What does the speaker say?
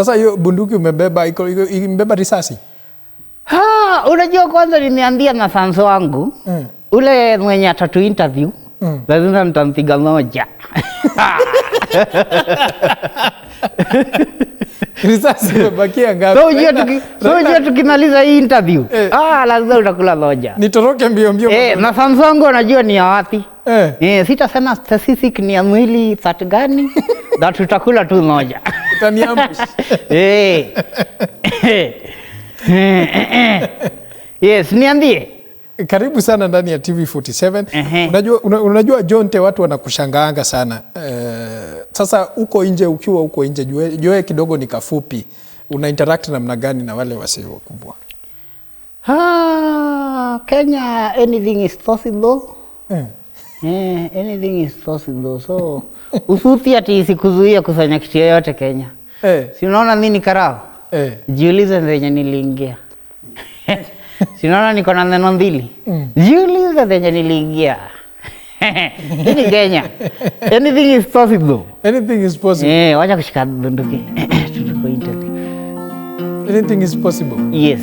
Sasa hiyo bunduki umebeba iko imebeba risasi. Ha, unajua kwanza nimeambia mafanzo wangu mm. Ule mwenye atatu interview mm. lazima mtampiga moja risasi imebakia ngapi? Sio tukimaliza hii interview eh. Ah, lazima utakula moja. Nitoroke mbio mbio. Eh, mafanzo wangu anajua ni ya wapi? Eh. Eh, sitasema specific ni ya mwili part gani, that utakula tu moja utaniamsha Yes, niambie. Karibu sana ndani ya TV47. Unajua, unajua Jonte, watu wanakushangaanga sana uh, sasa uko nje, ukiwa uko nje, joe kidogo ni kafupi, una interact namna gani na wale wasio wakubwa? Ah, Kenya anything is possible. Eh. Eh, anything is possible. So usuti ati sikuzuia kusanya kitu yoyote Kenya. Eh. Si unaona mimi ni karao? Eh. Jiulize venye niliingia. Si unaona niko na neno mbili. Mm. Jiulize venye niliingia. Hii Kenya. Anything is possible. Anything is possible. Eh, wacha kushika bunduki. Tutuko interview. Anything is possible. Yes.